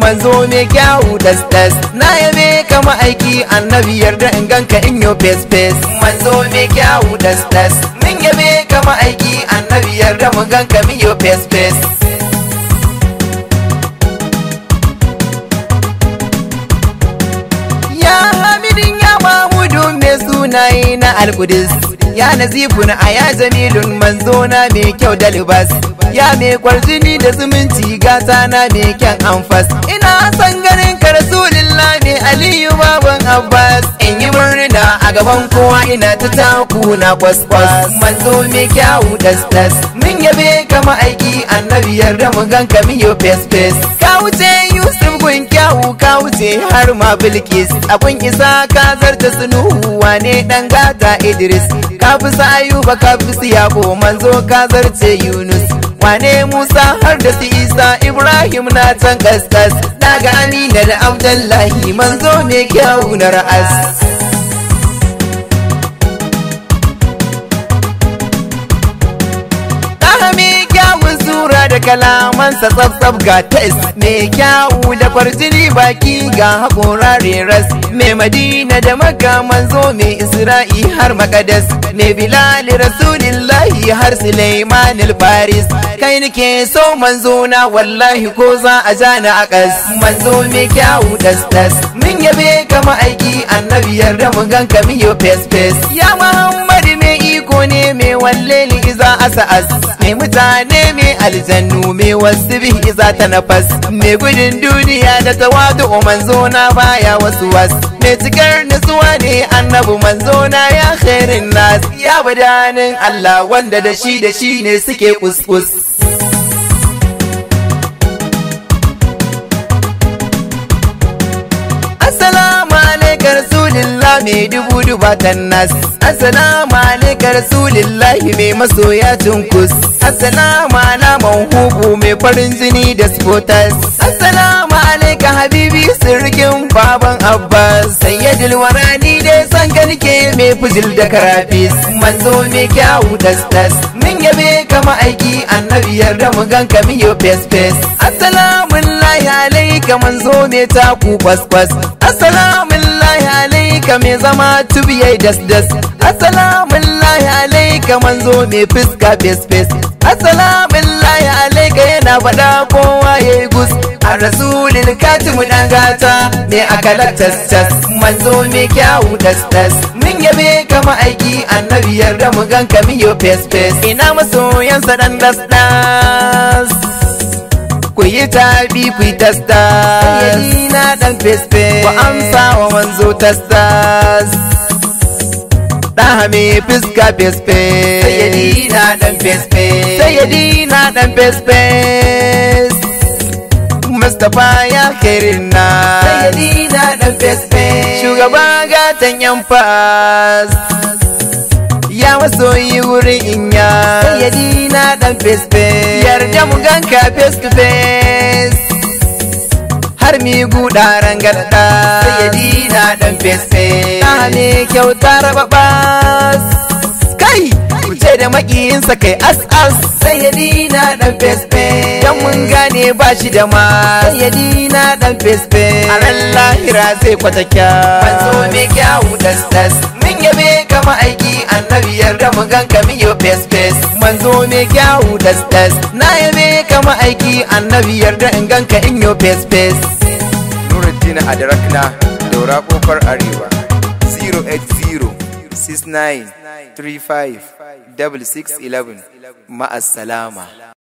manzo mai kyau das das na yabe ka ma'aiki annabi yarda in ganka in yo face face manzo mai kyau das das min yabe ka ma'aiki annabi yarda mun ganka min yo face face ya hamidin ya mamudu mai sunaye na alkudis ya nazifun a ya jamilun manzona mai kyau da libas ya mai kwarjini da zumunci gata na mai kyan anfas ina san ganin ka rasulillah ne, aliyu baban abbas in yi murna a gaban kowa ina ta taku na kwaskwas manzo mai kyawu das das mun yabe kama aiki annabi yarda mu ganka miyo fes fes wuce yusuf gun kyawu ka wuce har ma bilkis abun isa ka zarta sunuhu wane dan gata idris ka fi ayuba ka fi su yabo manzo ka zarce yunus wane musa har da su isa ibrahim na can kaskas daga Amina da abdullahi manzo ne kyawu na ra'as kalamansa tsaf-tsaf ga tes mai kyawu da kwarjini baki ga haƙora ras. mai madina da maka manzo mai isra'i har makadas Mai bilali rasulillahi har suleiman faris kai nake so manzo na wallahi ko za a jana a ƙas manzo mai kyawu das-das min yabe kama aiki annabi yarda mu ganka miyo fes-fes ya muhammadu mai iko ne mai walleli iza asa as ai mutane mai aljannu mai wasu bi iza ta nafas mai gudun duniya da tawadu manzo na baya wasu was mai cikar nutsuwa ne annabu manzo na ya khairin nas ya budanin Allah wanda da shi da shi ne suke kuskus malikar sulillah mai dubu dubatan nas assalamu malikar sulillah mai masoya tunkus assalamu ala manhubu mai farin jini da spotas assalamu alaika habibi sirkin baban abbas sayyidul warani dai san garke mai fuzil da karafis manzo mai kyawu das das min yabe kama aiki annabi yarda mu ganka miyo fes fes assalamu alaika manzo mai taku kwas kwas assalamu ka mai zama tubiyai dasdas assalamun lahi alaika manzo mai fuska fes fes assalamun lahi alaika yana faɗa kowa ya gus a rasulin katimu ɗan gata mai akalar tas manzo mai kyawu das-das min yabe kama aiki annabi yarda mu ganka miyo fes fes ina masoyansa ɗan das-das. ku yi tabi ku yi tastas na dan fesfe ku amsa wa manzo tastas hami fiska fesfe Sayyadi na dan fesfe Sayyadi na dan fesfe Mustapha ya khairin na Sayyadi na dan fesfe Shugaba gatan yan fas ya masoyi wurin inya sayyadi na dan face face yarda mu ganka face to face har mi guda ya sayyadi na dan face face ta ne kyauta raba bas kai ku ce da sa kai as as sayyadi na dan face face dan mun gane ba shi da ma sayyadi na dan face face a ran lahira zai kwata kya ban zo me kyawu das das mun yabe kama aiki annabi yarda mu ganka miyo face face manzo me kyawu das das na yabe ka ma'aiki annabi da in ganka in yo face face a adrakna daura kofar arewa 080 69 35 6611 ma'assalama